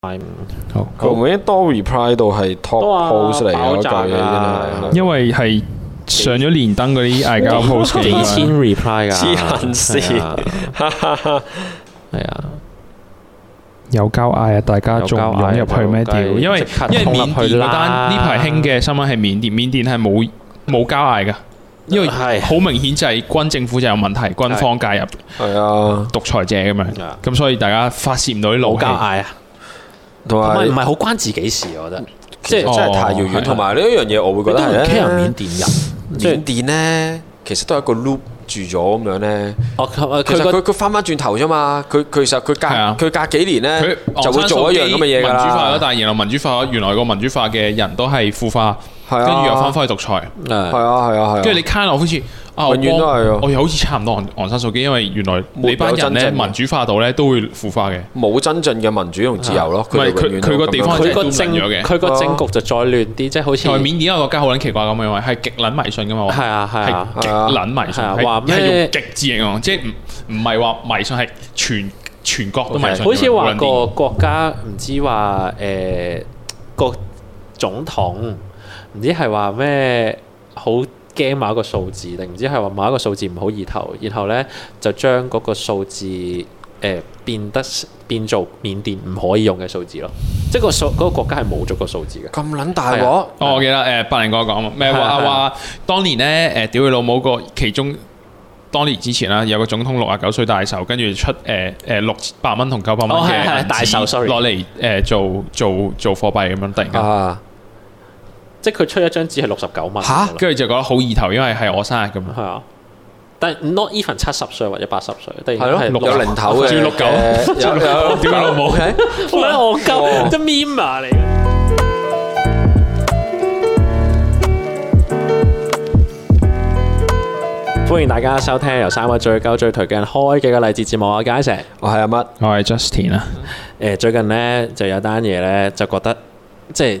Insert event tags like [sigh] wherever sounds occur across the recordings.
係好，佢唔會多 reply 到係 top post，嚟嗰嚿嘢先啦，因為係上咗連登嗰啲嗌交 post，幾千 reply 噶，痴線，係啊，有交嗌啊，大家仲唔入去咩屌？因為因為緬甸嗰單呢排興嘅新聞係緬甸，緬甸係冇冇交嗌噶，因為係好明顯就係軍政府就有問題，軍方介入，係啊，獨裁者咁樣，咁所以大家發洩唔到啲怒氣啊。同埋唔係好關自己事，我覺得即係太遙遠。同埋呢一樣嘢，我會覺得咧。佢都係撻緬甸人，緬甸咧，其實都係一個 loop 住咗咁樣咧。其實佢佢翻翻轉頭啫嘛，佢其實佢隔佢隔幾年咧，佢就會做一樣咁嘅嘢。民主化，但係然後民主化，原來個民主化嘅人都係腐化，跟住又翻翻去獨裁。係啊，係啊，係啊，跟住你卡我好似。永遠都係啊！我好似差唔多昂昂山素姬，因為原來每班人咧民主化到咧都會腐化嘅。冇真正嘅民主同自由咯。唔係佢佢個地方，佢個政佢個政局就再亂啲，即係好似外面。而家個國家好撚奇怪咁樣，係極撚迷信噶嘛。係啊係啊，極撚迷信，係用極字形容，即係唔唔係話迷信係全全國都迷信。好似話個國家唔知話誒個總統，唔知係話咩好。驚某一個數字，定唔知係話某一個數字唔好意頭，然後呢，就將嗰個數字誒、呃、變得變做緬甸唔可以用嘅數字咯。即係個數嗰個國家係冇咗個數字嘅。咁撚大鑊、啊啊哦！我記得誒、啊呃、百靈哥講，咩話話、啊啊、當年呢，誒屌佢老母個其中當年之前啦，有個總統六啊九歲大壽，跟住出誒誒六百蚊同九百蚊嘅大壽，落嚟誒做做做，做，做貨幣咁樣突然間。啊啊即係佢出一張紙係六十九蚊，跟住蛤就覺得好意頭，因為係我生日咁。係 [music] 啊，但係唔 not even 七十歲或者八十歲，突然六九零頭嘅六九，有九點六五，好鬼戇鳩，真 Meme 嚟嘅。啊、歡迎大家收聽由三位最鳩最頹嘅人開嘅個勵志節目啊！佳石，我係阿乜，我係 Justin 啊。誒， [music] 最近呢，就有單嘢呢，就覺得即係。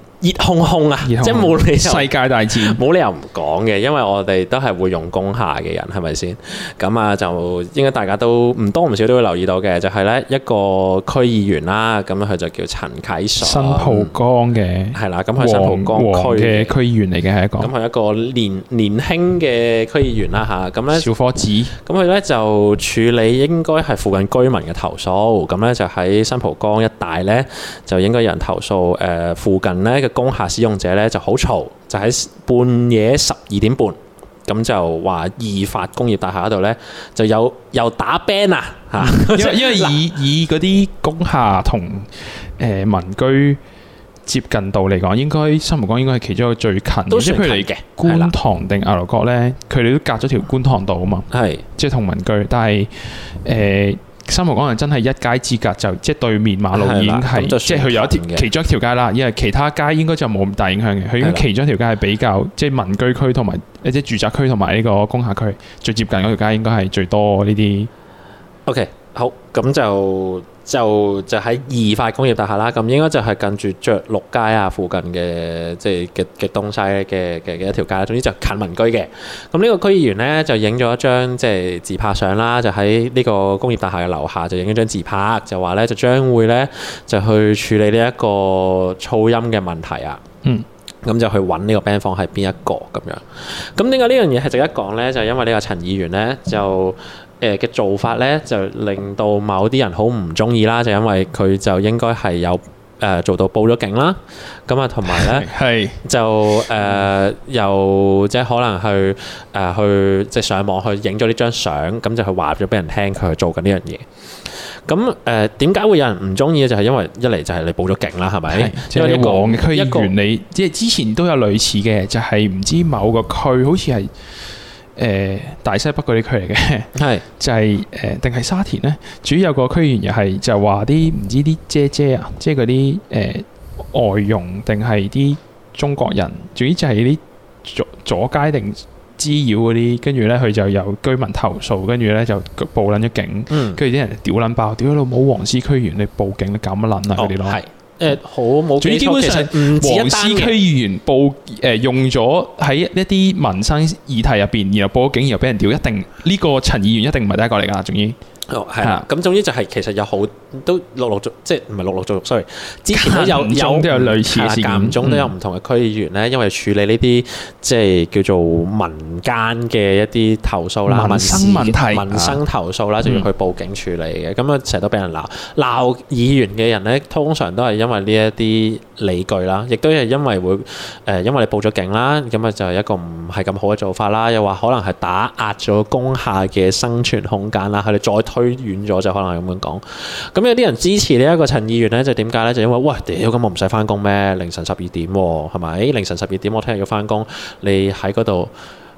熱烘烘啊！哄哄即係冇理由世界大戰，冇理由唔講嘅，因為我哋都係會用工廈嘅人，係咪先？咁啊，就應該大家都唔多唔少都會留意到嘅，就係、是、呢一個區議員啦。咁佢就叫陳啟爽，新蒲崗嘅係啦。咁佢新蒲崗區嘅區議員嚟嘅係一個。咁係一個年年輕嘅區議員啦吓，咁呢小夥子。咁佢呢就處理應該係附近居民嘅投訴。咁呢，就喺新蒲崗一帶呢，就應該有人投訴誒附近呢。工廈使用者咧就好嘈，就喺半夜十二點半，咁就話易發工業大廈嗰度咧就有又打 ban 啊，嚇，因為以 [laughs] 以嗰啲工廈同誒民居接近度嚟講，應該新蒲崗應該係其中一個最近，都算近嘅。觀塘定牛頭角咧，佢哋對啦、呃、都隔咗條觀塘道啊嘛，係即係同民居，但係誒。呃三毛講係真係一街之隔就即係、就是、對面馬路已經係，即係佢有一條的其中一條街啦，因為其他街應該就冇咁大影響嘅。佢其中一條街係比較吧即係民居區同埋一啲住宅區同埋呢個工廈區最接近嗰條街，應該係最多呢啲。吧些 OK，好，咁就。就就喺二塊工業大廈啦，咁應該就係近住爵祿街啊附近嘅即係嘅嘅東西嘅嘅嘅一條街，總之就近民居嘅。咁呢個區議員咧就影咗一張即係自拍相啦，就喺呢個工業大廈嘅樓下就影咗張自拍，就話咧就將會咧就去處理呢一個噪音嘅問題啊。嗯。咁就去揾呢個 band 房係邊一個咁樣？咁點解呢樣嘢係值得講呢？就因為呢個陳議員呢，就誒嘅、呃、做法呢，就令到某啲人好唔中意啦。就因為佢就應該係有誒、呃、做到報咗警啦。咁啊，同埋呢，就、呃、誒又即係可能去誒去、呃、即係上網去影咗呢張相，咁就去話咗俾人聽佢去做緊呢樣嘢。咁誒點解會有人唔中意啊？就係、是、因為一嚟就係你報咗警啦，係咪？是因為你黃嘅區議員原理，即係個之前都有類似嘅，就係、是、唔知某個區好似係誒大西北嗰啲區嚟嘅，係是就係誒定係沙田咧？主要有個區議員又係就係話啲唔知啲姐姐啊，即係嗰啲誒外傭定係啲中國人，主要就係啲左左街定。滋擾嗰啲，跟住咧佢就有居民投訴，跟住咧就報撚咗警，跟住啲人屌撚爆，屌你老母！黃思區議員你報警你咁撚啊佢哋咯，係誒、哦、好冇。總之基本上唔止一單嘅，黃思區議員報誒、呃、用咗喺一啲民生議題入邊，然後報咗警，然後俾人屌，一定呢、這個陳議員一定唔係第一個嚟噶，總之。係啊，咁、哦、的總之就係其實有好都陸陸續，即係唔係陸陸續續 sorry 之前都有有都有類似事件，間唔中都有唔同嘅區議員咧，嗯、因為處理呢啲即係叫做民間嘅一啲投訴啦，民生問題，民生投訴啦，嗯、就要去報警處理嘅。咁啊成日都俾人鬧鬧議員嘅人咧，通常都係因為呢一啲理據啦，亦都係因為會誒、呃、因為你報咗警啦，咁啊就係、是、一個唔係咁好嘅做法啦。又話可能係打壓咗工廈嘅生存空間啦，佢哋再推。推遠咗就可能咁樣講，咁有啲人支持呢一個陳議員咧，就點解咧？就因為喂，屌咁我唔使翻工咩？凌晨十二點、哦，係咪、欸？凌晨十二點我聽日要翻工，你喺嗰度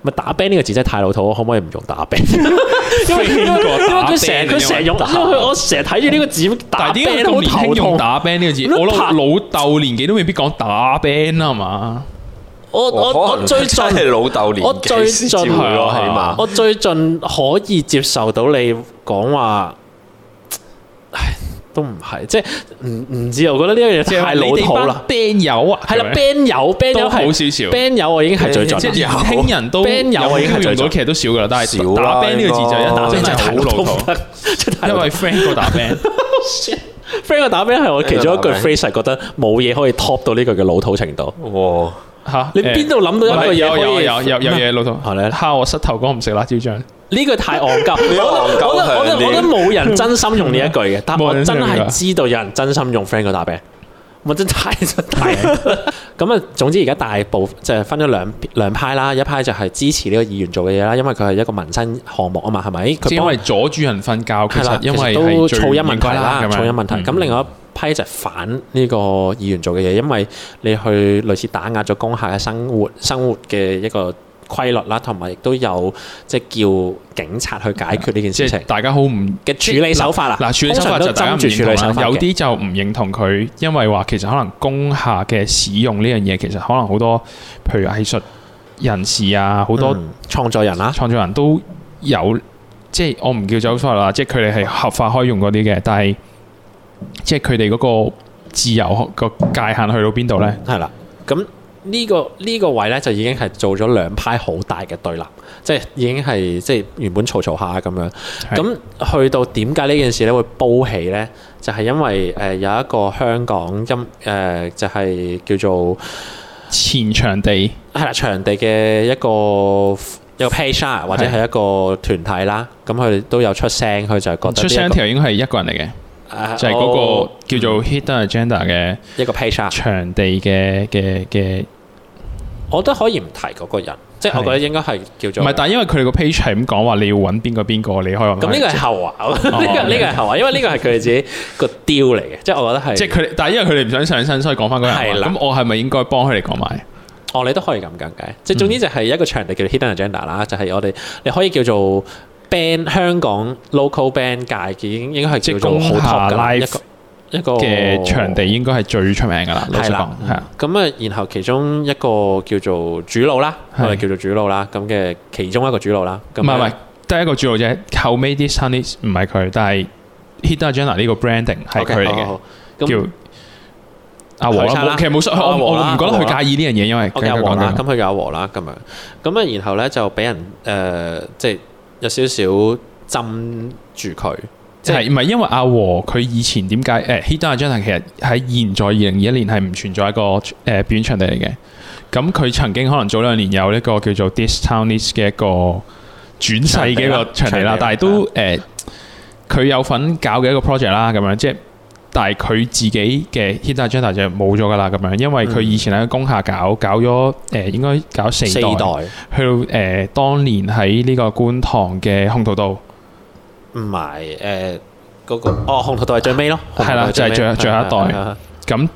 咪打 band，呢個字真係太老土，可唔可以唔用打 band？因為佢成日佢成日我我成日睇住呢個字，但點解你用打 band 呢個字，我頭痛。打老豆年紀都未必講打 band 啊，係嘛？我我我最最我最近係老豆年紀？我起碼，我最近可以接受到你講話，唉，都唔係，即係唔唔知我覺得呢一樣嘢太老土啦。band 友啊，係啦，band 友，band 友係少少，band 友我已經係最即係年輕人都 band 友，我依家遇到其實都少噶啦，但係打 band 呢個字就一打 band 就太老土，因為 friend 個打 band，friend 個打 band 係我其中一句 phrase，係覺得冇嘢可以 top 到呢句嘅老土程度。吓！你邊度諗到一個嘢？有有有有嘢，老同吓、啊、我膝頭哥唔食辣椒醬呢、啊、句太戇鳩， [laughs] 我我我我我覺得冇人真心用呢一句嘅，但係我真係知道有人真心用 friend 個答俾我真太出奇咁啊！ [laughs] 總之而家大部即係、就係、分咗兩兩派啦，一派就係支持呢個議員做嘅嘢啦，因為佢係一個民生項目啊嘛，係咪？因為阻住人瞓覺，係啦，因為都噪音問題啦，噪音問題。咁這樣 另外。嗯批就反呢個議員做嘅嘢，因為你去類似打壓咗工廈嘅生活、生活嘅一個規律啦，同埋亦都有即係叫警察去解決呢件事情，大家好唔嘅處理手法啦。嗱，處理手法就針住處理手法，有啲就唔認同佢，因為話其實可能工廈嘅使用呢樣嘢，其實可能好多，譬如藝術人士啊，好多創作人啊，創作人都有，即係我唔叫走錯啦，即係佢哋係合法可以用嗰啲嘅，但係。即係佢哋嗰個自由個界限去到邊度呢？係啦，咁呢、這個呢、這個位呢，就已經係做咗兩派好大嘅對立，即係已經係即係原本嘈嘈下咁樣。咁的去到點解呢件事咧會煲起呢？就係、是、因為誒、呃、有一個香港音誒、呃、就係、是、叫做前場地係啦，場地嘅一個有一個 page 或者係一個團體啦。咁佢哋都有出聲，佢就係覺得出聲條應該係一個人嚟嘅。就係嗰個叫做 Hidden Agenda 嘅一個 page 啊，場地嘅嘅嘅，我都可以唔提嗰個人，即係是的 我覺得應該係叫做唔係，但係因為佢哋個 page 係咁講話，你要揾邊個邊個，你可以咁呢個係後話，呢個呢個係後話，因為呢個係佢哋自己個 deal 嚟嘅，即係 [laughs] 我覺得係即係佢，但係因為佢哋唔想上身，所以講翻嗰個人，咁是的 我係咪應該幫佢哋講埋？哦，你都可以咁講嘅，即、就、係、是、總之就係一個場地叫 Hidden Agenda 啦、嗯，就係我哋你可以叫做。band 香港 local band 界，已經應應該係叫好 top 一個嘅場地，應該係最出名噶啦。老實講，係啊。咁啊，然後其中一個叫做主腦啦，我哋叫做主腦啦，咁嘅其中一個主腦啦。咁唔係唔係，得一個主腦啫。後屘啲 Sunny 唔係佢，但係 Hidden Agenda 呢個 branding 係佢嚟嘅，叫阿和啦。其實冇傷害，我我唔覺得佢介意呢樣嘢，因為我介和啦。咁佢阿和啦咁樣。咁啊，然後咧就俾人誒，即係。有少少鎮住佢，即係唔係因為阿和佢以前點解？誒，Hidden Agenda 其實喺現在二零二一年係唔存在一個誒表演場地嚟嘅。咁佢曾經可能早兩年有呢個叫做 This Town Needs 嘅一個轉世嘅一個場地啦，地地但係都誒，佢、呃呃、有份搞嘅一個 project 啦，咁樣即係。但係佢自己嘅 Hitachi 就冇咗噶啦，咁樣，因為佢以前喺工廈搞，搞咗誒、呃，應該搞四代，四代去到誒、呃、當年喺呢個觀塘嘅鴻圖道，唔係誒嗰個，哦鴻圖道係最尾咯，係啦，就係、是、最最後一代咁。 [laughs]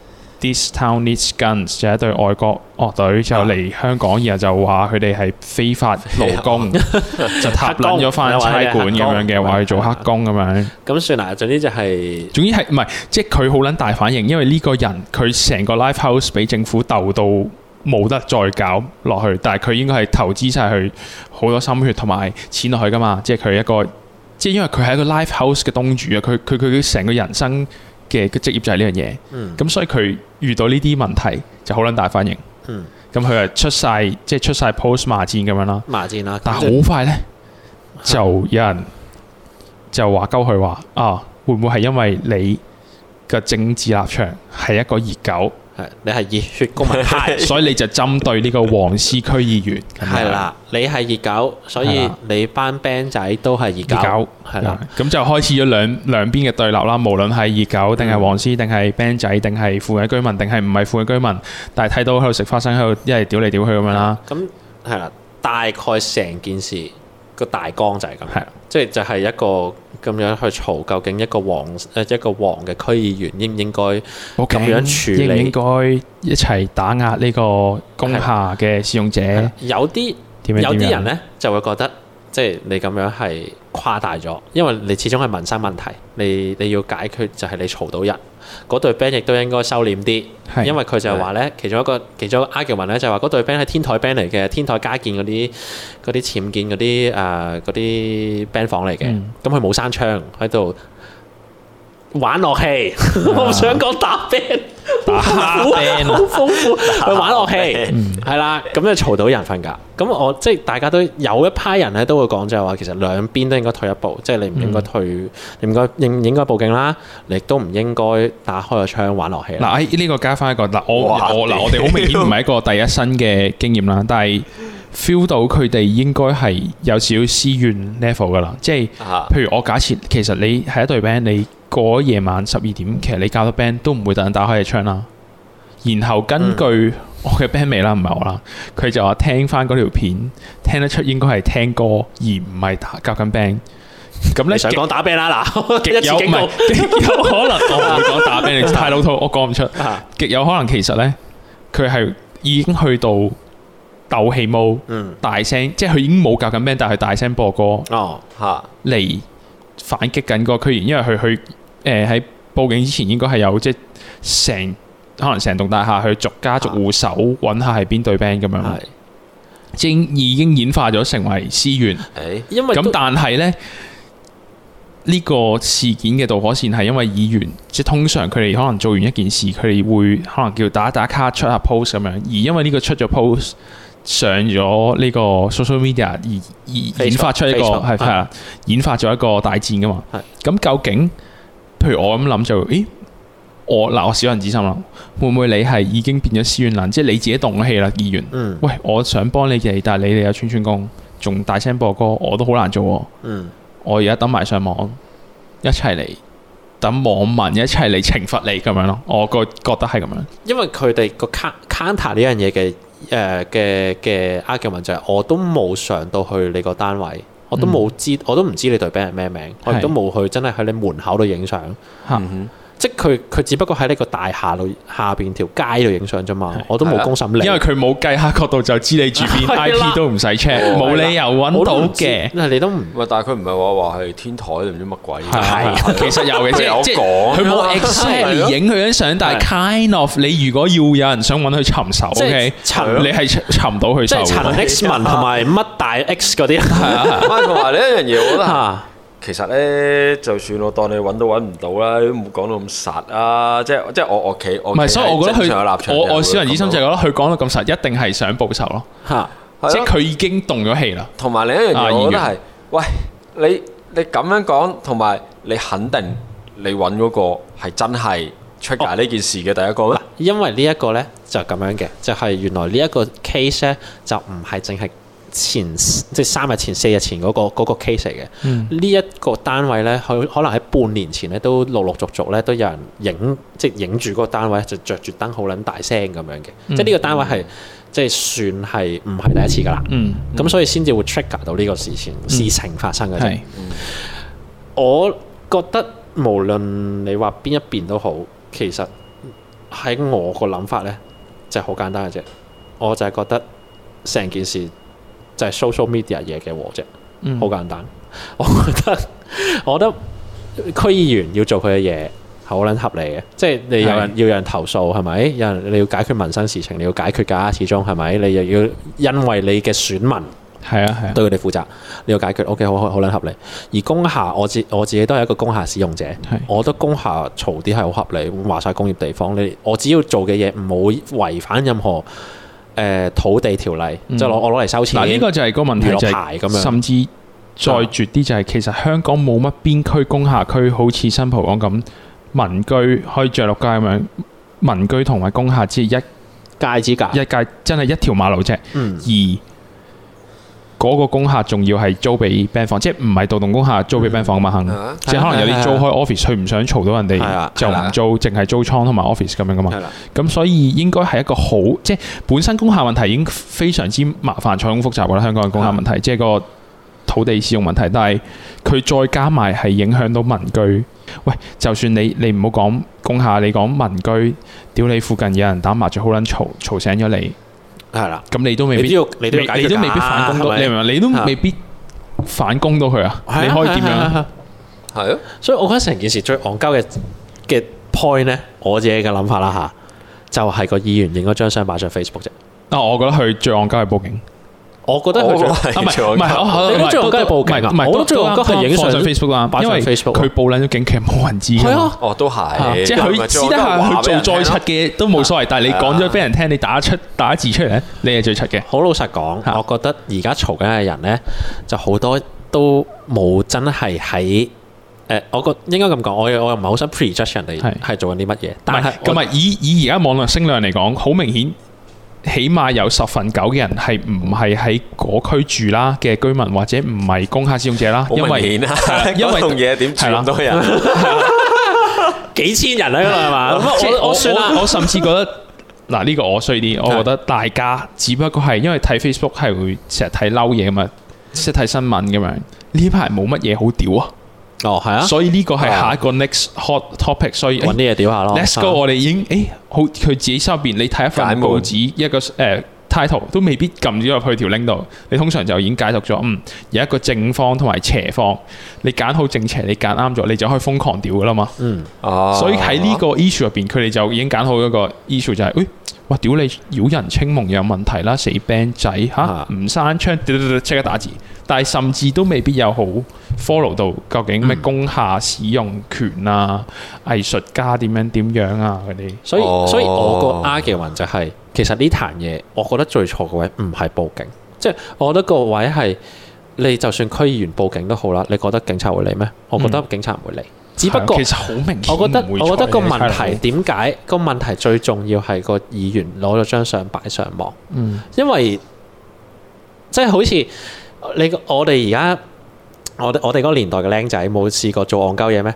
This town needs guns 就一隊外國樂隊、啊、就嚟香港，然後就話佢哋係非法勞工， [laughs] 光就拉撚咗翻差館咁樣嘅，話去做黑工咁的樣。咁算啦，總之就係、是、總之係唔係，即係佢好撚大反應，因為呢個人佢成個 live house 俾政府鬥到冇得再搞落去，但係佢應該係投資晒佢好多心血同埋錢落去噶嘛，即係佢一個，即係因為佢係一個 live house 嘅東主啊，佢佢佢成個人生。嘅個職業就係呢樣嘢，咁、嗯、所以佢遇到呢啲問題就好撚大反應，咁佢、嗯就是、啊出晒，即係出晒 post 罵戰咁樣啦，罵戰啦，但係好快呢，啊、就有人就話鳩佢話啊，會唔會係因為你嘅政治立場係一個熱狗？你係熱血公民，所以你就針對呢個黃絲區議員。係啦，你係熱狗，所以你班 band 仔都係熱狗。係啦，咁就開始咗兩兩邊嘅對立啦。無論係熱狗定係黃絲，定係 band 仔，定係附近居民，定係唔係附近居民，但係睇到喺度食花生，喺度一係屌嚟屌去咁樣啦。咁係啦，大概成件事。個大綱就係咁，係的即係就係一個咁樣去嘈，究竟一個黃誒一個黃嘅區議員應唔應該咁怕樣處理，應該一齊打壓呢個工廈嘅使用者？有啲有啲人呢就會覺得，即係你咁樣係誇大咗，因為你始終係民生問題，你你要解決就係你嘈到人。嗰隊 band 亦都應該收斂啲，因為佢就係話呢，其中一個其中一個 argument 呢，就話嗰隊 band 係天台 band 嚟嘅，天台加建嗰啲嗰啲僭建嗰啲誒嗰啲 band 房嚟嘅，咁佢冇閂窗喺度玩樂器， [laughs] [laughs] 我想講打 band。 [laughs] 好豐富，去玩樂器，係啦、 [laughs] 嗯，咁就嘈到人瞓覺。咁我即係、就是、大家都有一批人咧，都會講就係話，其實兩邊都應該退一步，即、就、係、是、你唔應該退，嗯、你應該應唔應該報警啦，亦都唔應該打開個窗玩樂器。嗱、啊，誒、這、呢個加翻一個，嗱我嗱哇我哋好 [laughs] 明顯唔係一個第一身嘅經驗啦，但係 feel 到佢哋應該係有少少私怨 level 噶啦，即、就、係、是、譬如我假設，其實你係一隊 band，你。過夜晚十二點，其實你教到 band 都唔會突然打開隻窗啦。然後根據我嘅 band 未啦，唔係我啦，佢、嗯、就話聽翻嗰條片，聽得出應該係聽歌而唔係教緊 band。咁咧想講打 band 啦極，嗱極 onta [laughs] 有，有可能，極有可能我唔講打 band，太老土， [laughs] 嗯、我講唔出。極有可能其實呢，佢係已經去到鬥氣舞，大聲，即係佢已經冇教緊 band，但係佢大聲播歌哦，吓嚟反擊緊嗰個區議員，因為佢去。誒，喺報警之前應該係有即係成可能成棟大廈去逐家逐戶搜，揾、啊、下係邊對 band 咁樣。係是已經演化咗成為私怨。咁、哎、但係呢、呢、這個事件嘅導火線係因為議員，即係通常佢哋可能做完一件事，佢哋會可能叫打打卡、出下 post 咁樣。而因為呢個出咗 post 上咗呢個 social media，而而演化出一個係係啊，演化咗一個大戰噶嘛。係的，咁的究竟？譬如我咁諗就，咦，我嗱，我小人之心啦，會唔會你係已經變咗私怨能，即係你自己動氣啦，議員。嗯。喂，我想幫你嘅，但係你哋有穿穿工，仲大聲播歌，我都好難做啊。嗯。我而家等埋上網，一齊嚟等網民一齊嚟懲罰你咁樣咯。我個覺得係咁樣。因為佢哋個 counter 呢樣嘢嘅誒嘅嘅 argument 就係，我都冇上到去你個單位。我都冇知，我都唔知你對畀人咩名，我亦都冇去真係喺你門口度影相。的即佢佢只不過喺呢個大廈度下邊條街度影相啫嘛，我都冇公審你，因為佢冇計下角度就知你住邊，IP 都唔使 check，冇理由揾到嘅。你都唔，唔但係佢唔係話話係天台定唔知乜鬼嘅。係，其實又即係我係講，佢冇 exactly 影佢張相，但係 kind of 你如果要有人想揾佢尋仇，OK，尋你係尋到佢仇嘅。陳 X 文同埋乜大 X 嗰啲，咪話嘢，我覺得。其實咧，就算我當你揾都揾唔到啦，都唔講到咁實啊！即即我我屋企我唔係，所以我覺得佢我我小林醫生就覺得佢講到咁實，一定係想報仇咯嚇！即佢已經動咗氣啦。同埋另一樣嘢，我覺得係，喂你你咁樣講，同埋你肯定你揾嗰個係真係 trigger 呢件事嘅第一個咩？因為呢一個咧就咁樣嘅，就係原來呢一個 case 咧就唔係淨係。前即係三日前、四日前嗰、嗰個 case 嚟嘅。呢、那、一、個嗯、個單位呢，佢可能喺半年前呢都陸陸續續呢都有人影，即係影住嗰個單位就着住燈好撚大聲咁樣嘅。嗯、即係呢個單位係，即係算係唔係第一次噶啦。咁、嗯嗯、所以先至會 trigger 到呢個事情事情發生嘅啫。嗯、我覺得無論你話邊一邊都好，其實喺我個諗法呢，就係、是、好簡單嘅啫。我就係覺得成件事。就係 social media 嘢嘅和啫，好簡單。嗯、我覺得，我覺得區議員要做佢嘅嘢係好捻合理嘅。即係是你有人要有人投訴係咪？有人你要解決民生事情，你要解決噶，始終係咪？你又要因為你嘅選民係啊係，對佢哋負責，你要解決 OK，好好捻合理。而工廈我自我自己都係一個工廈使用者，的我覺得工廈嘈啲係好合理。話晒工業地方，你我只要做嘅嘢唔好違反任何。誒，土地條例、嗯、就攞我攞嚟收錢，呢個就係個問題，就係咁樣。甚至再絕啲就係，其實香港冇乜邊區工廈區，好似新蒲崗咁，民居可以着落街咁樣。民居同埋工廈只一街之隔，一界真係一條馬路啫。二、嗯嗰個工廈仲要係租俾 band 房，即係唔係獨棟工廈租俾 band 房啊嘛？嗯、即係可能有啲租開 office，佢唔想嘈到人哋，的就唔租，淨係的租倉同埋 office 咁樣噶嘛。咁的所以應該係一個好，即係本身工廈問題已經非常之麻煩、錯綜複雜嘅啦。香港嘅工廈問題，的即係個土地使用問題，但係佢再加埋係影響到民居。喂，就算你你唔好講工廈，你講民居，屌你附近有人打麻雀，好撚嘈，嘈醒咗你。係啦，咁你都未必，你都未、啊、未必反攻到，你明唔明你都未必反攻到佢啊？的你可以點樣、啊？係咯，所以我覺得成件事最戇鳩嘅嘅 point 咧，我自己嘅諗法啦嚇，就係、是、個議員應該將相擺上 Facebook 啫。啊，我覺得佢最戇鳩嘅報警。我覺得佢最唔係唔我係得係，我最緊唔係我都得緊係影上 Facebook 啊，擺上 Facebook。佢報撚咗警劇冇人知。係啊，哦都係，即係佢私底下去做再出嘅都冇所謂。但係你講咗俾人聽，你打出打字出嚟咧，你係最出嘅。好老實講，我覺得而家嘈緊嘅人咧，就好多都冇真係喺誒，我覺應該咁講，我我又唔係好想 prejudge 人哋係做緊啲乜嘢。但係咁啊，以以而家網絡聲量嚟講，好明顯。起碼有十分九嘅人係唔係喺嗰區住啦嘅居民或者唔係工廈使用者啦，因為、啊、因為嘢點住幾千人喺度係嘛？我 [laughs] 我我,我甚至覺得嗱呢 [laughs] 個我衰啲，我覺得大家只不過係因為睇 Facebook 係會成日睇嬲嘢咁嘛，即係睇新聞咁樣呢排冇乜嘢好屌啊！哦，係啊，所以呢個係下一個 next hot topic，所以揾啲嘢屌下咯。Let's go，我哋已經誒好，佢自己收邊，你睇一份報紙一個誒 title 都未必撳咗入去條 link 度，你通常就已經解讀咗，嗯，有一個正方同埋邪方，你揀好正邪，你揀啱咗，你就可以瘋狂屌噶啦嘛。嗯，所以喺呢個 issue 入邊，佢哋就已經揀好一個 issue 就係，喂，哇，屌你妖人清夢有問題啦，死 band 仔吓，唔閂窗，屌屌屌，即刻打字。但係甚至都未必有好 follow 到究竟咩工廈使用權啊，藝術、嗯、家點樣點樣啊嗰啲，所以、哦、所以我個 argument 就係、是、其實呢壇嘢，我覺得最錯嘅位唔係報警，即、就、係、是、我覺得個位係你就算區議員報警都好啦，你覺得警察會嚟咩？我覺得警察唔會嚟，嗯、只不過其實好明顯，我覺得我覺得,我覺得個問題點解個問題最重要係個議員攞咗張相擺上網，嗯，因為即係、就是、好似。你，我哋而家，我我哋嗰年代嘅僆仔冇試過做戇鳩嘢咩？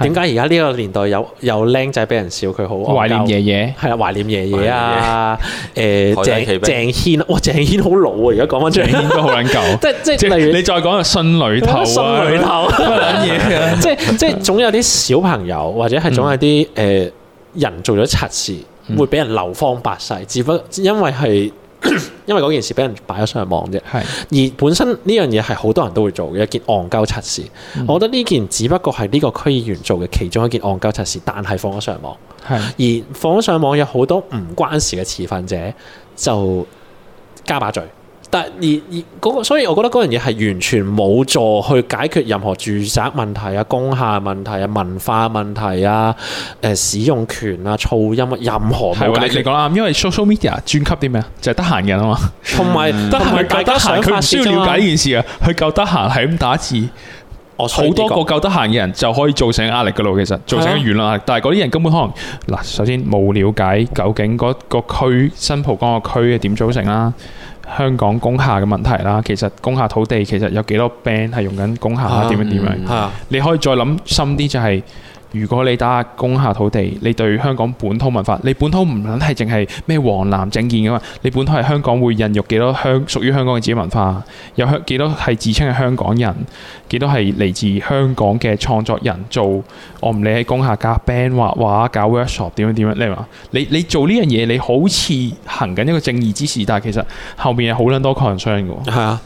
點解而家呢個年代有有僆仔俾人笑佢好？懷念爺爺係啊，懷念爺爺啊！誒，鄭鄭軒哇，鄭軒好老啊！而家講翻鄭軒，都好撚舊。即即例如你再講信裏頭，信裏頭乜撚嘢，即即總有啲小朋友或者係總有啲誒人做咗柒事，會俾人流芳百世，只不因為係。 [coughs] 因為嗰件事俾人擺咗上網啫，是而本身呢樣嘢係好多人都會做嘅一件戇鳩測試，嗯、我覺得呢件只不過係呢個區議員做嘅其中一件戇鳩測試，但係放咗上網，是而放咗上網有好多唔關事嘅持份者就加把嘴。但而而嗰個，所以我覺得嗰樣嘢係完全冇助去解決任何住宅問題啊、工廈問題啊、文化問題啊、誒、呃、使用權啊、噪音啊，任何都係。你講啦，因為 social media 專級啲咩啊？就係得閒人啊嘛。同埋得閒大家想法佢需要了解呢件事啊，佢夠得閒係咁打字，好多個夠得閒嘅人就可以造成壓力噶咯。其實造成嘅輿論壓力，的但係嗰啲人根本可能嗱，首先冇了解究竟嗰個區新蒲崗個區係點組成啦。香港工廈嘅問題啦，其實工廈土地其實有幾多 band 係用緊工廈啊？點樣點樣？嗯，你可以再諗深啲，就係，就係。如果你打下工廈土地，你對香港本土文化，你本土唔撚係淨係咩黃藍政見嘅嘛？你本土係香港會孕育幾多香屬於香港嘅自己文化？有香幾多係自稱係香港人？幾多係嚟自香港嘅創作人做？我唔理喺工廈加 band 畫畫搞 workshop 點樣點樣，你話你你做呢樣嘢，你好似行緊一個正義之事，但係其實後面係好撚多 corruption 嘅。係啊，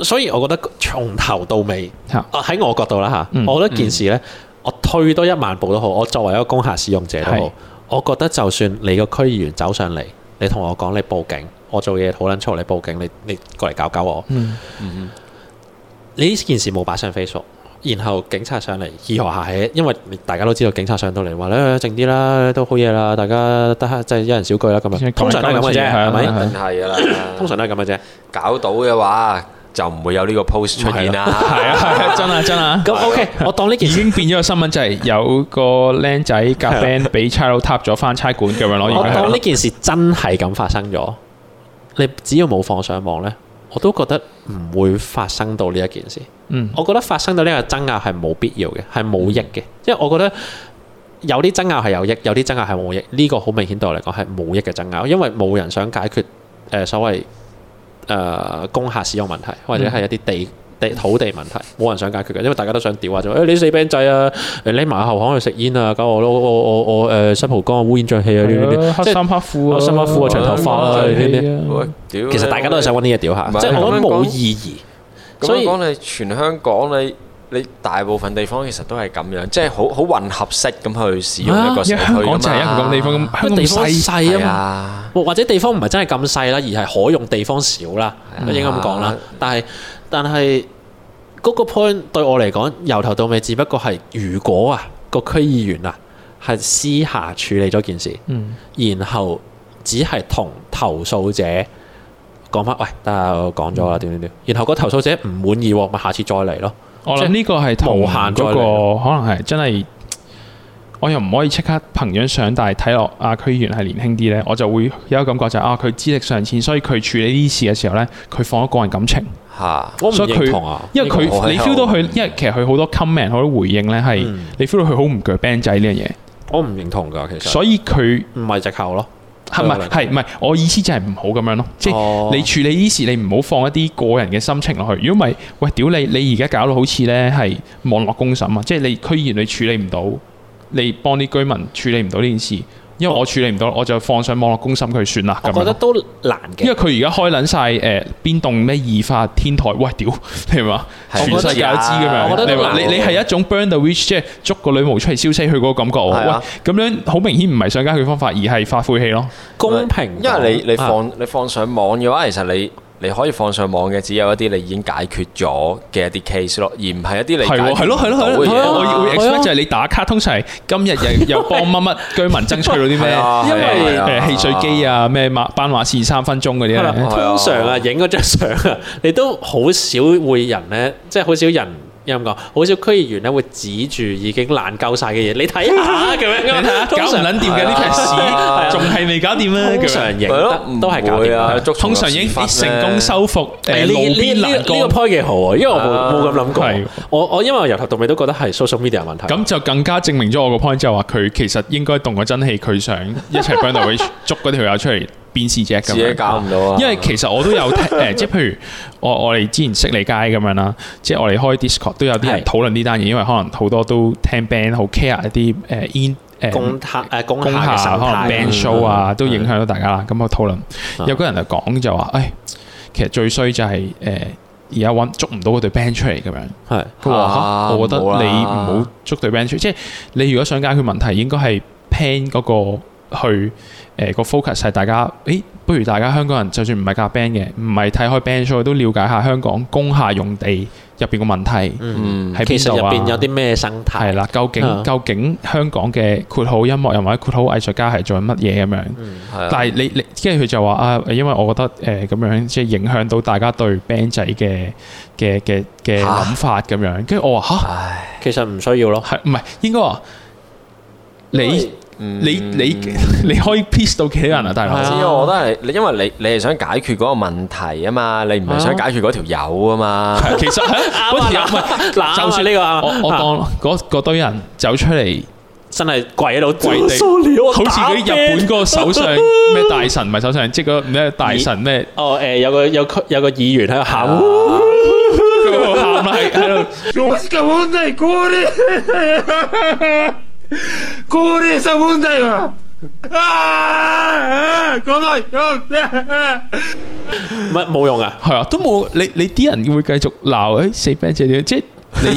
所以我覺得從頭到尾的啊喺我角度啦嚇，嗯、我覺得件事呢。嗯我退多一萬步都好，我作為一個工廈使用者都好，是我覺得就算你個區議員走上嚟，你同我講你報警，我做嘢好撚粗，你報警，你你過嚟搞搞我。嗯嗯嗯，呢、嗯、件事冇擺上 Facebook，然後警察上嚟議和下起，因為大家都知道警察上到嚟話咧靜啲啦，都好嘢啦，大家得即係一人少句啦咁樣。通常都係咁嘅啫，係咪？係啊， [coughs] 通常都係咁嘅啫，搞到嘅話。就唔會有呢個 post 出現啦， [laughs] 係啊係真啊真啊！咁 [laughs] OK，我當呢件事 [laughs] 已經變咗個新聞，就係、是、有個靚仔夾 band 俾差佬插咗返差館咁樣攞嘢。我當呢件事真係咁發生咗， [laughs] 你只要冇放上網呢，我都覺得唔會發生到呢一件事。嗯，我覺得發生到呢個爭拗係冇必要嘅，係冇益嘅，因為我覺得有啲爭拗係有益，有啲爭拗係冇益。呢、這個好明顯對我嚟講係冇益嘅爭拗，因為冇人想解決誒、呃、所謂。誒工廈使用問題，或者係一啲地地土地問題，冇人想解決嘅，因為大家都想屌啊！就誒、欸、你死 BAND 仔啊！你埋後巷去食煙啊！咁我我我我誒新蒲崗烏煙瘴氣啊！黑衫對樣黑褲啊！是黑衫、啊哦、黑褲嘅、啊啊、長頭髮啊！啊其實大家都係想揾啲嘢屌下，即係是我都冇意義。我所以講你全香港你，你大部分地方其實都係咁樣，即係好好混合式咁去使用一個社區啊。香港就係一個咁地方，啊、香港地方細啊，或或者地方唔係真係咁細啦，啊、而係可用地方少啦，啊、我應該咁講啦。但係但係嗰個 point 對我嚟講，由頭到尾，只不過係如果啊、個區議員啊係私下處理咗件事，嗯、然後只係同投訴者講翻喂，得啊我講咗啦，點點點，然後個投訴者唔滿意，咪下次再嚟咯。我諗呢個係無限嗰個，可能係真係，我又唔可以即刻憑樣上，但係睇落阿區議員係年輕啲呢，我就會有一個感覺就係、是、啊，佢資歷尚淺，所以佢處理呢事嘅時候呢，佢放咗個人感情吓，我唔認同啊，所以因為佢你 feel 到佢，因為其實佢好多 comment 好多回應呢，係、嗯、你 feel 到佢好唔夾 band 仔呢樣嘢，我唔認同噶，其實所以佢唔係直頭咯。係咪？係唔係？我意思就係唔好咁樣咯，即係、哦、你處理呢事，你唔好放一啲個人嘅心情落去。如果唔係，喂，屌你！你而家搞到好似咧係網絡公審啊！即係你區議員你處理唔到，你幫啲居民處理唔到呢件事。因為我處理唔到，我就放上網絡公審佢算啦。我覺得都難嘅。因為佢而家開撚晒誒邊棟咩二發天台，喂，屌，你話的全世界都知㗎嘛？你你你係一種 burn the witch，即係捉個女巫出嚟燒死佢嗰個感覺喎。的喂，咁樣好明顯唔係想解決嘅方法，而係發晦氣咯。公平。因為你你放的你放上網嘅話，其實你。你可以放上網嘅，只有一啲你已經解決咗嘅一啲 case 咯，而唔係一啲你解決唔到嘅。 [music] 我會 explain 就係你打卡，通常係今日又又幫乜乜居民爭取到啲咩？ [laughs] [laughs] [music] 因為誒汽水機啊，咩斑馬線三分鐘嗰啲啦。通常啊，影嗰張相，你都好少會人咧，即係好少人。咁講，好少區議員咧會指住已經難救晒嘅嘢，你睇下，咁樣搞唔撚掂嘅呢批屎，仲係未搞掂啊！通常型得都係搞掂，通常已經成功修復，呢呢個 point 幾好啊！因為我冇冇咁諗過，我我因為由頭到尾都覺得係 social media 問題。咁就更加證明咗我個 point 就係話，佢其實應該動咗真氣，佢想一齊 band 會捉嗰條友出嚟。變事隻咁樣搞唔到啊，因為其實我都有聽誒，即係譬如我我哋之前識你街咁樣啦，即係我哋開 Discord 都有啲人討論呢單嘢，因為可能好多都聽 band 好 care 一啲誒 in 誒攻可能 band show 啊都影響到大家啦。咁我討論有個人就講就話，誒其實最衰就係誒而家揾捉唔到嗰隊 band 出嚟咁樣。係佢話我覺得你唔好捉隊 band 出，即係你如果想解決問題，應該係 pan 嗰個。去誒、呃那個 focus 係大家，誒不如大家香港人就算唔係夾 band 嘅，唔係睇開 band show 都了解下香港工廈用地入邊個問題，嗯，喺、嗯、其實入邊、啊、有啲咩生態？係啦，究竟、啊、究竟香港嘅括號音樂又或者括號藝術家係做緊乜嘢咁樣？嗯啊、但係你你，跟住佢就話啊，因為我覺得誒咁、呃、樣，即係影響到大家對 band 仔嘅嘅嘅嘅諗法咁樣。跟住、啊、我話吓，其實唔需要咯，係唔係應該話你？因為 你你你可以 piss 到幾多人啊，大佬、啊、我知，我覺得係，因為你你係想解決嗰個問題啊嘛，你唔係想解決嗰條友啊嘛。其實嗰條友唔係，就算呢個。我當嗰堆人走出嚟，真係跪喺度跪地，Böyle, 好似啲日本嗰個首相咩大臣唔係首相，即係嗰咩大臣咩？哦，誒、就是那個，有個有佢有個議員喺度喊，喊係過嚟。高領衫問題啊！過來，我咩？唔係冇用啊，係啊，都冇你你啲人會繼續鬧誒，死逼仔你即係你，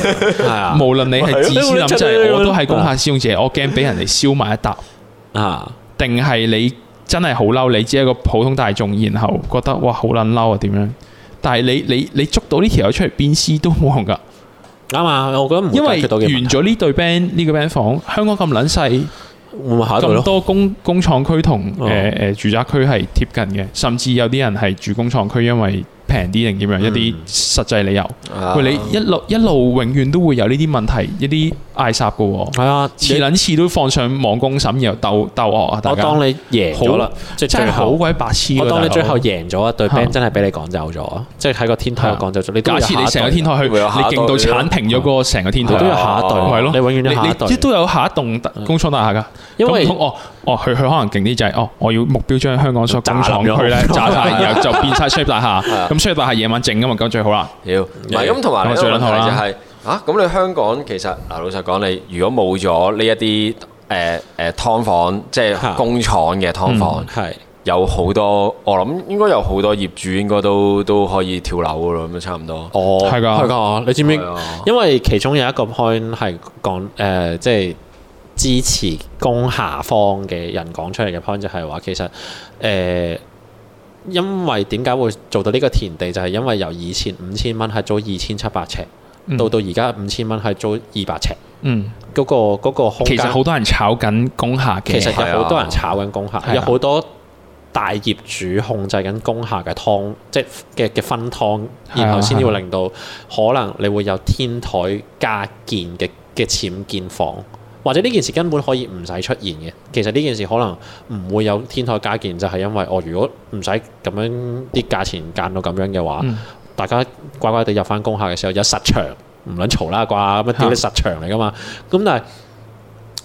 無論你係自私諗滯，我都係工廈使用者，我驚俾人哋燒埋一沓啊！定係你真係好嬲，你只係個普通大眾，然後覺得哇好撚嬲啊點樣？但係你你你捉到呢條友出嚟鞭屍都冇用噶。啱啊！我覺得，因為完咗呢隊 band 呢個 band 房，香港咁撚細，咁多工工廠區同誒誒住宅區係貼近嘅，甚至有啲人係住工廠區，因為。平啲定點樣一啲實際理由？喂，你一路一路永遠都會有呢啲問題，一啲嗌閂嘅喎。係啊，次撚次都放上網公審然後鬥鬥惡啊！我當你贏咗啦，即係真係好鬼白痴。我當你最後贏咗啊！對 band 真係俾你趕走咗，即係喺個天台趕走咗。你假設你成個天台去，你勁到剷平咗個成個天台都有下一代。係咯，你永遠都下都有下一棟工廠大廈㗎，因為哦。哦，佢佢可能勁啲就係、是、哦，我要目標將香港所工廠區咧炸晒，然後就變晒商業大廈。咁商業大廈夜晚靜噶嘛，咁最好啦。要唔係咁？同埋你個問題就係、是、啊，咁你香港其實嗱，老實講，你如果冇咗呢一啲誒誒劏房，即、就、係、是、工廠嘅劏房，係有好多，我諗應該有好多業主應該都都可以跳樓噶咯，咁樣差唔多。嗯、哦，係㗎，係㗎。你知唔知？因為其中有一個 point 係講誒，即係。支持工廈方嘅人講出嚟嘅 point 就係話其實誒、呃、因為點解會做到呢個田地，就係、是、因為由以前五千蚊係租二千七百尺，嗯、到到而家五千蚊係租二百尺。嗯、那個，嗰、那個嗰個空間其實好多人炒緊工廈，其實有好多人炒緊工廈，的有好多大業主控制緊工廈嘅湯的即係嘅嘅分湯的然後先會令到可能你會有天台加建嘅嘅僭建房。或者呢件事根本可以唔使出現嘅，其實呢件事可能唔會有天台加建，就係、是、因為我、哦、如果唔使咁樣啲價錢間到咁樣嘅話，嗯、大家乖乖哋入返工廈嘅時候有實場，唔撚嘈啦啩，咁樣叫啲實場嚟㗎嘛，咁、嗯、但係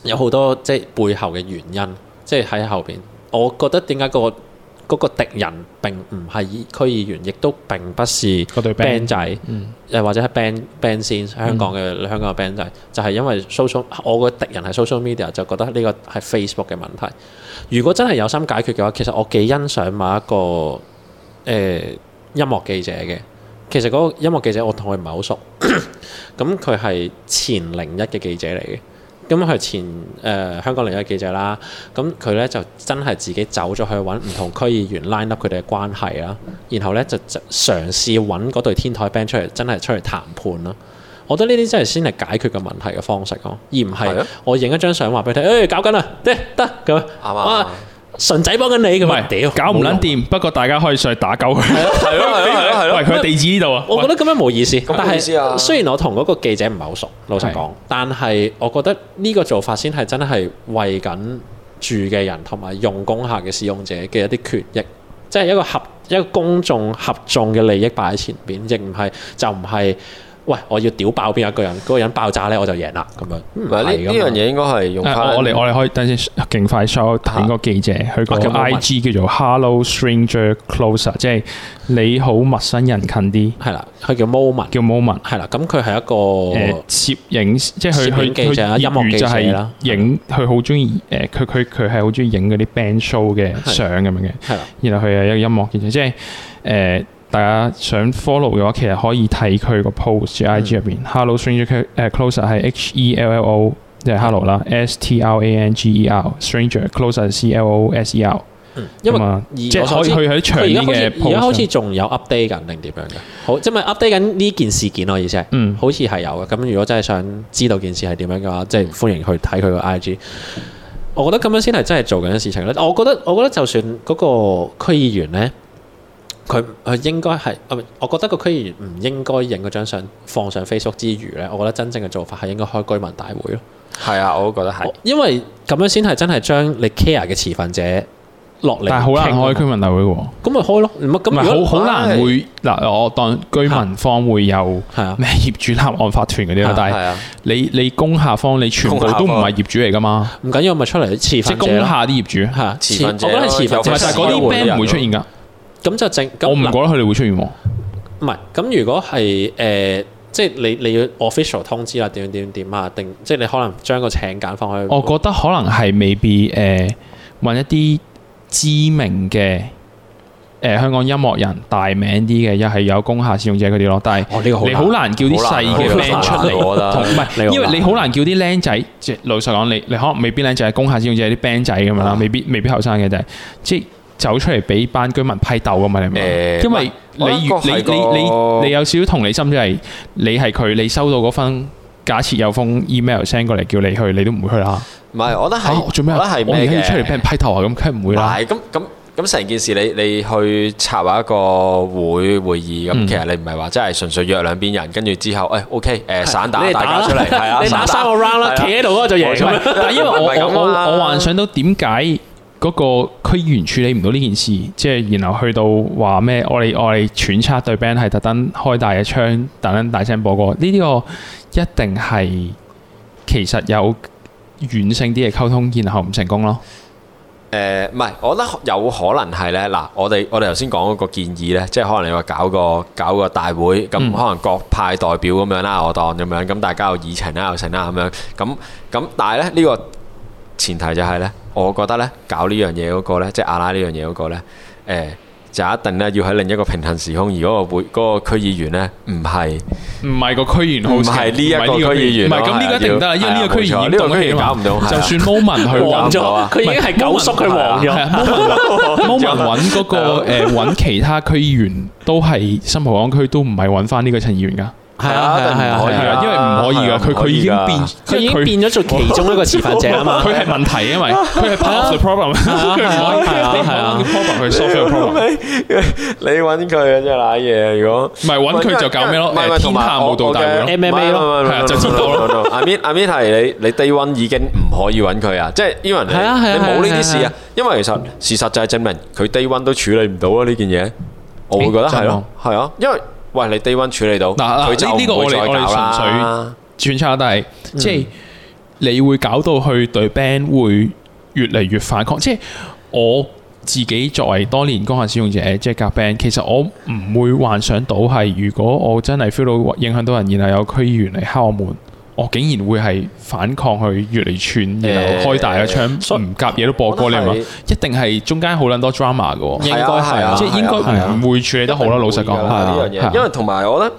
有好多即係、就是、背後嘅原因，即係喺後邊，我覺得點解、那個？嗰個敵人並唔係區議員，亦都並不是 band 仔，又或者係 band band 先香港嘅香港嘅 band 仔，嗯、就係因為 social 我個敵人係 social media，就覺得呢個係 Facebook 嘅問題。如果真係有心解決嘅話，其實我幾欣賞某一個誒、呃、音樂記者嘅。其實嗰個音樂記者我同佢唔係好熟，咁佢係前零一嘅記者嚟嘅。咁佢、嗯、前誒、呃、香港嚟嘅記者啦，咁佢咧就真係自己走咗去揾唔同區議員 line up 佢哋嘅關係啦，然後咧就，就，就嘗試揾嗰對天台 band 出嚟，真係出嚟談判囉。我覺得呢啲真係先係解決嘅問題嘅方式咯，而唔係我影一張相話俾佢聽，誒、啊欸、搞緊啦，得得咁啊。哇純仔幫緊你，佢咪屌搞唔撚掂？不，不過大家可以上去打鳩佢，係咯係咯係咯係咯。喂，佢地址呢度啊？我覺得咁樣冇意思。冇意思、啊、雖然我同嗰個記者唔係好熟，老實講，但係我覺得呢個做法先係真係為緊住嘅人同埋用工廈嘅使用者嘅一啲權益，即、就、係、是、一個合一個公眾合眾嘅利益擺喺前邊，亦唔係就唔係。喂，我要屌爆邊一個人，嗰、嗰個人爆炸咧，我就贏啦，咁樣。唔係呢，呢樣嘢應該係用、哎。我哋我哋可以等先，勁快 show 睇個記者，佢個 IG 叫做 Hello Stranger Closer，即係你好陌生人近啲。係啦、啊，佢叫 Moment，叫 Moment。係啦、啊，咁佢係一個誒、呃、攝影，即係佢佢佢。攝影記者、啊、音樂記者啦，影佢好中意誒，佢佢佢係好中意影嗰啲 band show 嘅相咁樣嘅。係啦，然後佢係一個音樂記者，即係誒。呃大家想 follow 嘅話，其實可以睇佢個 post，即係 IG 入邊。嗯、Hello Stranger，誒、uh,，Closer 係 H E L L O，即係 Hello 啦、嗯。S, s T R A N G E R，Stranger，Closer，C L O S E R。嗯，因為么即係可以去喺長啲嘅。而家而家好似仲有 update 緊定點樣嘅？好，即係 update 緊呢件事件咯？意思係，嗯、好似係有嘅。咁如果真係想知道件事係點樣嘅話，即係歡迎去睇佢個 IG、嗯我。我覺得咁樣先係真係做緊事情咧。我覺得我覺得就算嗰個區議員咧。佢佢應該係，我覺得個區議員唔應該影嗰張相放上 Facebook 之餘咧，我覺得真正嘅做法係應該開居民大會咯。係啊，我都覺得係，因為咁樣先係真係將你 care 嘅持份者落嚟。但係好難開居民大會喎，咁咪開咯，唔咁咪好好難會嗱。我當居民方會有咩業主立案法團嗰啲，但係你你工下方你全部都唔係業主嚟噶嘛，唔緊要，咪出嚟持份者工下啲業主嚇，持份我覺得持份但係嗰啲 band 唔會出現㗎。咁就正，我唔覺得佢哋會出現喎。唔係，咁如果係誒、呃，即係你你要 official 通知啦，點點點啊，定即係你可能將個請柬放喺。我覺得可能係未必誒，揾、呃、一啲知名嘅誒、呃、香港音樂人大名啲嘅，又係有工廈使用者佢哋咯。但係、哦，呢個、你好難叫啲細嘅 band 出嚟來，同唔係， [laughs] 因為你好難叫啲僆仔，即係老實講，你你可能未必僆仔係工廈使用者，啲 band 仔咁樣啦，未必未必後生嘅就係即。走出嚟俾班居民批鬥㗎嘛！咪，因為你越你你你你有少少同理心，即係你係佢，你收到嗰封假設有封 email send 過嚟叫你去，你都唔會去啦。唔係，我覺得係，我覺得係咩嘅？你出嚟俾人批鬥啊？咁佢唔會啦。唔係，咁咁咁成件事，你你去策劃一個會會議咁，其實你唔係話真係純粹約兩邊人，跟住之後誒 OK 誒散打大家出嚟，係啊，打三個 round 啦，企喺度咯就贏咁。但係因為我我我幻想到點解？嗰個區議員處理唔到呢件事，即係然後去到話咩？我哋我哋揣測對 band 係特登開大嘅窗，特登大聲播歌。呢啲個一定係其實有軟性啲嘅溝通，然後唔成功咯。誒、呃，唔係，我覺得有可能係咧。嗱，我哋我哋頭先講嗰個建議咧，即係可能你話搞個搞個大會，咁、嗯、可能各派代表咁樣啦，我當咁樣，咁大家又議程啦又成啦咁樣，咁咁，但係咧呢個。前提就係咧，我覺得咧，搞呢樣嘢嗰個咧，即係阿拉呢樣嘢嗰個咧，誒就一定咧要喺另一個平衡時空。而果個會嗰個區議員咧，唔係唔係個區議員，唔係呢一個區議員，唔係咁呢個一定得，因為呢個區議員已經搞唔到，就算 moment 去黃咗，佢已經係九叔去黃咗。moment 揾嗰個誒揾其他區議員都係新蒲崗區都唔係揾翻呢個陳議員㗎。係啊，係啊，係啊，因為唔可以噶，佢佢而家佢已經變咗做其中一個持份者啊嘛，佢係問題，因為佢係 part of the problem。係啊，係啊，problem 佢 solve the problem。你揾佢真係瀨嘢，如果唔係揾佢就搞咩咯，天塌冇到大咯。M M V 咯，就知道咯。阿邊阿邊係你，你低溫已經唔可以揾佢啊，即係 even 你冇呢啲事啊，因為其實事實就係證明佢低溫都處理唔到啊呢件嘢，我會覺得係咯，係啊，因為。喂，你低溫處理到，嗱，佢就唔會再搞，純粹轉差，但係，嗯、即係你會搞到去對 band 會越嚟越反抗。嗯、即係我自己作為多年工廈使用者，嗯、即係夾 band，其實我唔會幻想到係如果我真係 feel 到影響到人，然後有區議員嚟敲我門。我竟然會係反抗佢越嚟越串，然後開大個槍，唔夾嘢都播歌，你話？一定係中間好撚多 drama 噶嘅，應該係即係應該唔會處理得好啦。老實講呢樣嘢，因為同埋我覺得，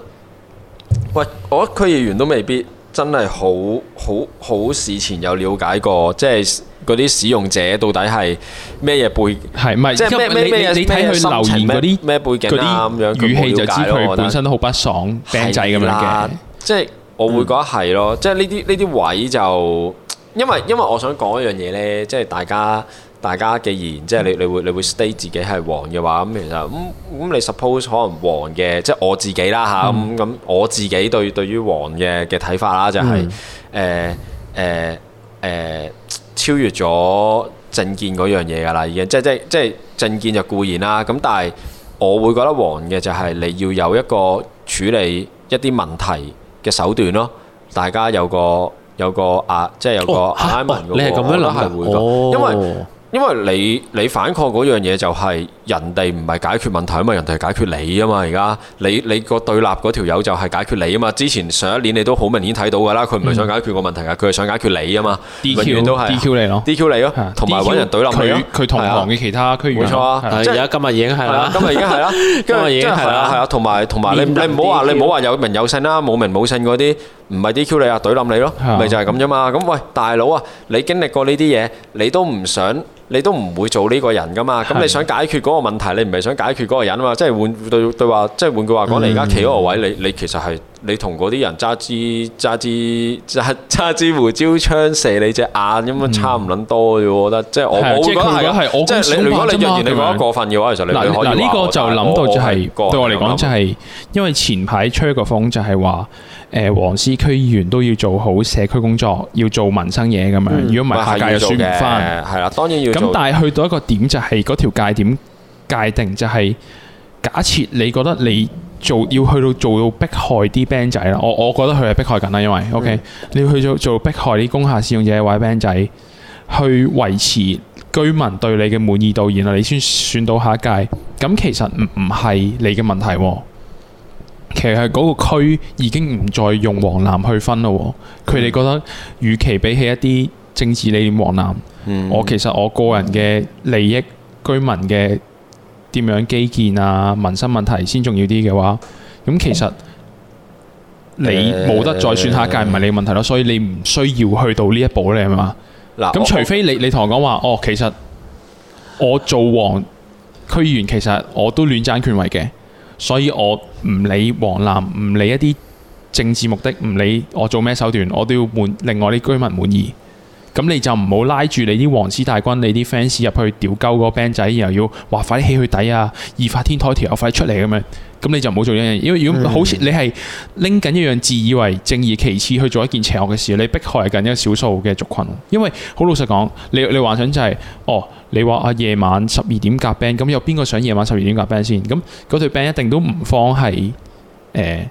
喂，我覺得區議員都未必真係好好好事前有了解過，即係嗰啲使用者到底係咩嘢背，係唔係即係咩咩咩咩咩，你睇佢留言嗰啲咩背景嗰啲咁樣語氣，就知佢本身都好不爽 band 仔咁樣嘅，即係。我會覺得係咯，即係呢啲呢啲位就，因為因為我想講一樣嘢咧，即係大家大家既然即係你、嗯、你會你會 stay 自己係黃嘅話，咁其實咁咁你 suppose 可能黃嘅，即係我自己啦嚇咁咁我自己對對於黃嘅嘅睇法啦、就係，就係誒誒誒超越咗政見嗰樣嘢噶啦，已經即即即政見就固然啦，咁但係我會覺得黃嘅就係你要有一個處理一啲問題嘅手段咯，大家有個有個啊，即係有個你係咁樣，諗係會個，因為因為你你反抗嗰樣嘢就係，是。人哋唔係解決問題啊嘛，人哋係解決你啊嘛。而家你你個對立嗰條友就係解決你啊嘛。之前上一年你都好明顯睇到㗎啦，佢唔係想解決個問題㗎，佢係想解決你啊嘛。區員都係 DQ 你咯，DQ 你咯，同埋揾人對冧佢咯。佢佢同行嘅其他區員啊。冇錯啊，係而家今日已經係啦，今日已經係啦，今日已經係啦，係啊，同埋同埋你你唔好話你唔好話有名有姓啦，冇名冇姓嗰啲唔係 DQ 你啊，對冧你咯，咪就係咁啫嘛。咁喂，大佬啊，你經歷過呢啲嘢，你都唔想，你都唔會做呢個人㗎嘛。咁你想解決嗰個問題你唔係想解決嗰個人啊嘛，即、就、係、是、換對對話，即係換句話講，你而家企嗰個位，你你其實係你同嗰啲人揸支揸支揸支胡椒槍射你隻眼咁樣差唔撚多，多我覺得、嗯、即係是我冇。我覺得即係即係你如果你若然這樣 你講過分嘅話，其實你你可以話、就是。嗱呢個就諗到就係、是、對我嚟講就係、是就是，因為前排吹個風就係話，誒、呃，黃絲區議員都要做好社區工作，要做民生嘢咁樣，如果唔係下屆又選唔翻。係啦，當然要做。咁但係去到一個點就係、是、嗰條界點。界定就係、是、假設你覺得你做要去到做到迫害啲 band 仔啦，我我覺得佢係迫害緊啦，因為、嗯、，O、okay? K，你要去做做到做迫害啲工廈使用者位 band 仔，去維持居民對你嘅滿意度，然後你先算到下一屆，咁其實唔唔係你嘅問題、哦，其實嗰個區已經唔再用黃藍去分咯、哦，佢哋覺得，與、嗯、其比起一啲政治理念黃藍，嗯、我其實我個人嘅利益，居民嘅。點樣基建啊、民生問題先重要啲嘅話，咁其實你冇得再算下一屆，唔係你問題咯，所以你唔需要去到呢一步咧，係嘛？嗱喇，咁除非你你同我講話，哦，其實我做黃區議員，其實我都亂爭權位嘅，所以我唔理黃藍，唔理一啲政治目的，唔理我做咩手段，我都要滿令我啲居民滿意。咁你就唔好拉住你啲黃絲大軍，你啲 fans 入去屌鳩嗰 band 仔，又要話快啲起去底啊！二發天台條又快出嚟咁樣，咁你就唔好做一樣，因為如果好似你係拎緊一樣自以為正義，其次去做一件邪惡嘅事，你逼害緊一個少數嘅族群。因為好老實講，你你幻想就係、是、哦，你話啊夜晚十二點夾 band，咁有邊個想夜晚十二點夾 band 先？咁嗰隊 band 一定都唔放係誒、呃，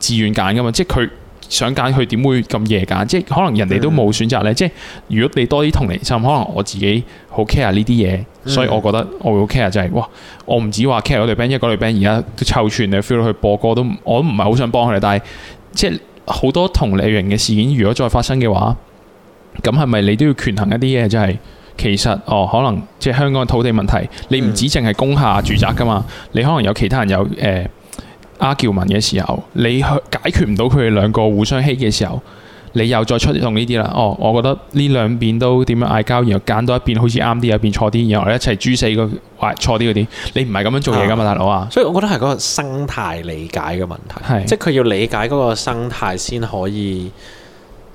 自願揀㗎嘛，即係佢。想揀佢點會咁夜㗎？即係可能人哋都冇選擇咧。Mm. 即係如果你多啲同理心，就可能我自己好 care 呢啲嘢，mm. 所以我覺得我會 care 就係、是，哇！我唔止話 care 嗰對 band，因為嗰對 band 而家都湊全，你 feel 到佢播歌都，我都唔係好想幫佢哋。但係即係好多同類型嘅事件，如果再發生嘅話，咁係咪你都要權衡一啲嘢？就係、是、其實哦，可能即係香港土地問題，你唔止淨係攻下住宅㗎嘛，你可能有其他人有誒。呃阿喬文嘅時候，你解決唔到佢哋兩個互相欺嘅時候，你又再出動呢啲啦。哦，我覺得呢兩邊都點樣嗌交，然後揀到一邊好似啱啲，一邊錯啲，然後一齊 G 死個或錯啲嗰啲，你唔係咁樣做嘢噶嘛，大佬啊！哥所以我覺得係嗰個生態理解嘅問題，係是即係佢要理解嗰個生態先可以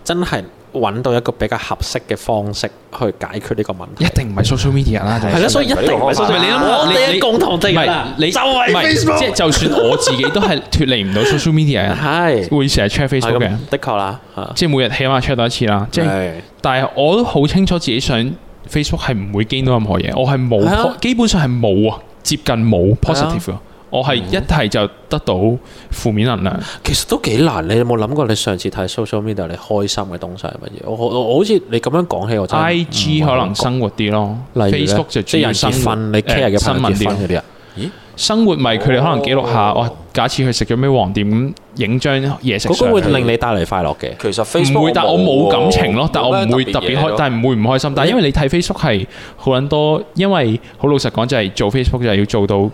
真係。揾到一個比較合適嘅方式去解決呢個問題，一定唔係 social media 啦，係啦，所以一定唔係 social media。你你共同敵人啦，就係 Facebook。即係就算我自己都係脱離唔到 social media 嘅，係會成日 check Facebook 嘅。的確啦，即係每日起碼 check 多一次啦。即係，但係我都好清楚自己上 Facebook 係唔會 gain 到任何嘢，我係冇，基本上係冇啊，接近冇 positive。我係一提就得到負面能量，其實都幾難。你有冇諗過？你上次睇 social media，你開心嘅東西係乜嘢？我我我好似你咁樣講起，我真係 IG 可能生活啲咯，Facebook 就主要係新聞，你 care 嘅新聞啲啊。咦？生活咪佢哋可能記錄下，哦，假設佢食咗咩黃店咁，影張嘢食相，佢會令你帶嚟快樂嘅。其實 Facebook 唔會，但係我冇感情咯，但係我唔會特別開，但係唔會唔開心。但係因為你睇 Facebook 係好撚多，因為好老實講，就係做 Facebook 就係要做到。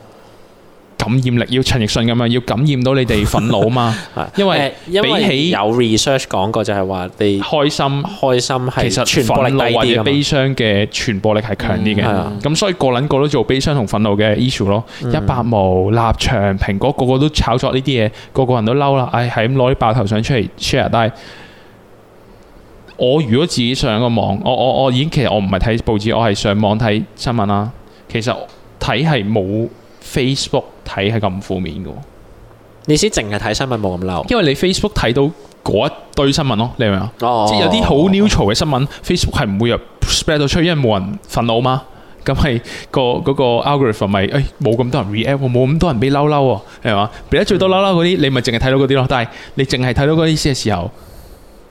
感染力要陳奕迅咁樣，要感染到你哋憤怒啊嘛，因為比起有 research 講過就係話，你開心開心係憤怒或者悲傷嘅傳播力係強啲嘅。咁所以個撚個都做悲傷同憤怒嘅 issue 咯。一百毛立場，蘋果個個都炒作呢啲嘢，個個人都嬲啦。唉，係咁攞啲爆頭相出嚟 share。但係我如果自己上個網，我我我已經我唔係睇報紙，我係上網睇新聞啦。其實睇係冇 Facebook。睇係咁負面嘅，你先淨係睇新聞冇咁嬲，因為你 Facebook 睇到嗰一堆新聞咯，你明唔嘛？哦、即係有啲好 new 潮嘅新聞、哦哦、Facebook 係唔會啊 spread 到出，去，因為冇人憤怒嘛。咁係個嗰、那個 algorithm 咪、就、誒、是、冇咁、欸、多人 react，冇咁多人俾嬲嬲啊，係嘛？俾得最多嬲嬲嗰啲，你咪淨係睇到嗰啲咯。但係你淨係睇到嗰啲嘅時候，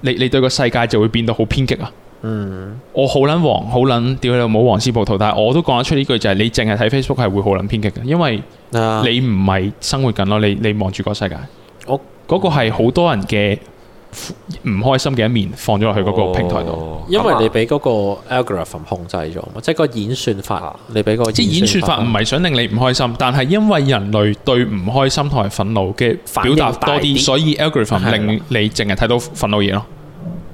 你你對個世界就會變到好偏激啊！嗯，我好捻黃，好捻屌你老母黃絲暴徒，但係我都講得出呢句，就係、是、你淨係睇 Facebook 係會好捻偏激嘅，因為你唔係生活緊咯，你你望住個世界，我嗰、嗯、個係好多人嘅唔開心嘅一面放咗落去嗰個平台度、哦，因為你俾嗰個 algorithm 控制咗，嗎即係個演算法，你俾個即演算法唔係想令你唔開心，但係因為人類對唔開心同埋憤怒嘅表達多啲，所以 algorithm 令你淨係睇到憤怒嘢咯，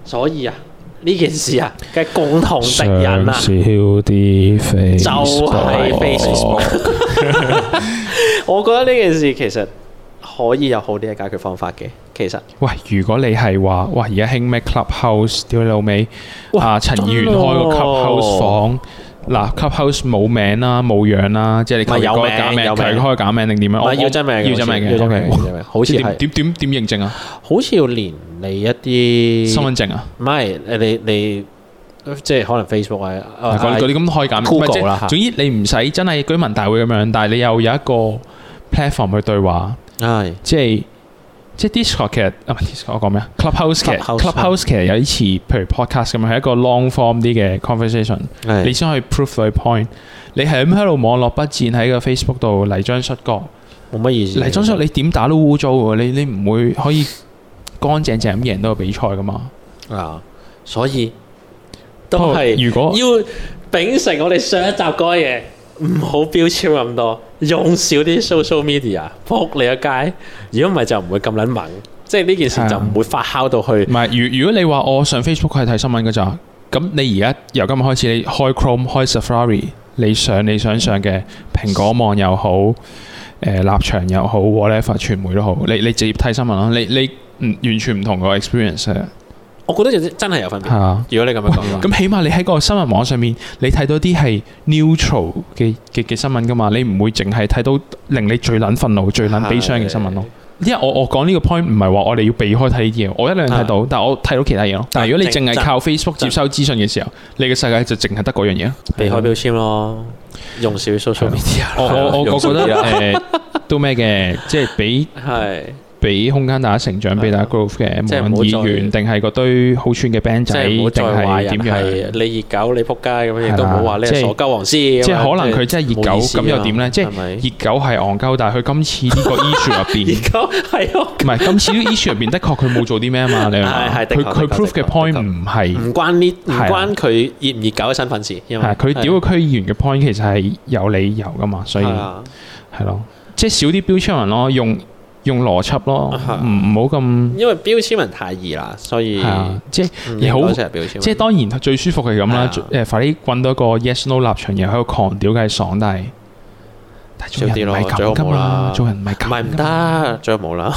所以啊。呢件事啊，嘅共同敵人啊，就係飛鼠房。我覺得呢件事其實可以有好啲嘅解決方法嘅。其實，喂，如果你係話，哇，而家興咩 club house，屌你老味，尾，哇，陳議員、啊、開個 club house 房。嗱，Clubhouse 冇名啦，冇樣啦，即係你佢而家開假名，開假名定點樣？唔係要真名，要真名嘅，好似點點點認證啊？好似要連你一啲身份證啊？唔係誒，你你即係可能 Facebook 啊，嗰嗰啲咁開假名啦。總之你唔使真係居民大會咁樣，但係你又有一個 platform 去對話，係即係。即係 discord 其實啊唔係 discord 我講咩啊 clubhouse clubhouse clubhouse 其實有啲似譬如 podcast 咁樣係一個 long form 啲嘅 conversation，< 是的 S 2> 你先可以 prove 你 point，你係咁喺度網絡不戰喺個 facebook 度泥漿摔角，冇乜意思。泥漿摔你點打都污糟嘅，你你唔會可以乾淨淨咁贏到個比賽噶嘛？啊，所以都係如果要秉承我哋上一集嗰嘢。唔好標籤咁多，用少啲 social media，撲你個街。如果唔係就唔會咁撚猛，即係呢件事就唔會發酵到去。唔係、啊，如如果你話我上 Facebook 係睇新聞㗎咋，咁你而家由今日開始你開 Chrome、開 Safari，你上你想上嘅蘋果網又好，誒、呃、立場又好，Whatever 傳媒都好，你你直接睇新聞啦。你你嗯完全唔同個 experience。我覺得真係有分別。如果你咁樣講，咁起碼你喺個新聞網上面，你睇到啲係 neutral 嘅嘅嘅新聞噶嘛？你唔會淨係睇到令你最撚憤怒、最撚悲傷嘅新聞咯。因為我我講呢個 point 唔係話我哋要避開睇呢啲嘢，我一樣睇到，但係我睇到其他嘢咯。但係如果你淨係靠 Facebook 接收資訊嘅時候，你嘅世界就淨係得嗰樣嘢咯。避開標籤咯，用少少 social media 我我覺得都咩嘅，即係俾係。俾空間大家成長，俾大家 growth 嘅議員，定係嗰堆好串嘅 band 仔，定係點樣？係你熱狗，你仆街咁樣亦都唔好話你傻鳩王師。即係可能佢真係熱狗咁又點咧？即係熱狗係戇鳩，但係佢今次呢個 issue 入邊，熱狗係唔係今次呢個 issue 入邊的確佢冇做啲咩啊嘛？你明唔明啊？佢佢 proof 嘅 point 唔係唔關呢唔關佢熱唔熱狗嘅身份事，因為佢屌個區議員嘅 point 其實係有理由噶嘛，所以係咯，即係少啲標槍人咯，用。用邏輯咯，唔唔好咁。因為標籤文太易啦，所以係啊，即係又好即係當然最舒服係咁啦。誒，快啲揾到一個 yes no 立場，然後喺度狂屌梗係爽，但係做人唔係咁啦，做人唔係唔係唔得，最後冇啦。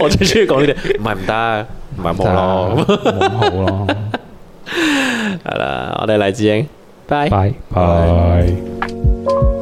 我最鍾意講呢啲，唔係唔得，唔係冇咯，冇咁好咯。係啦，我哋勵志鷹，拜拜拜。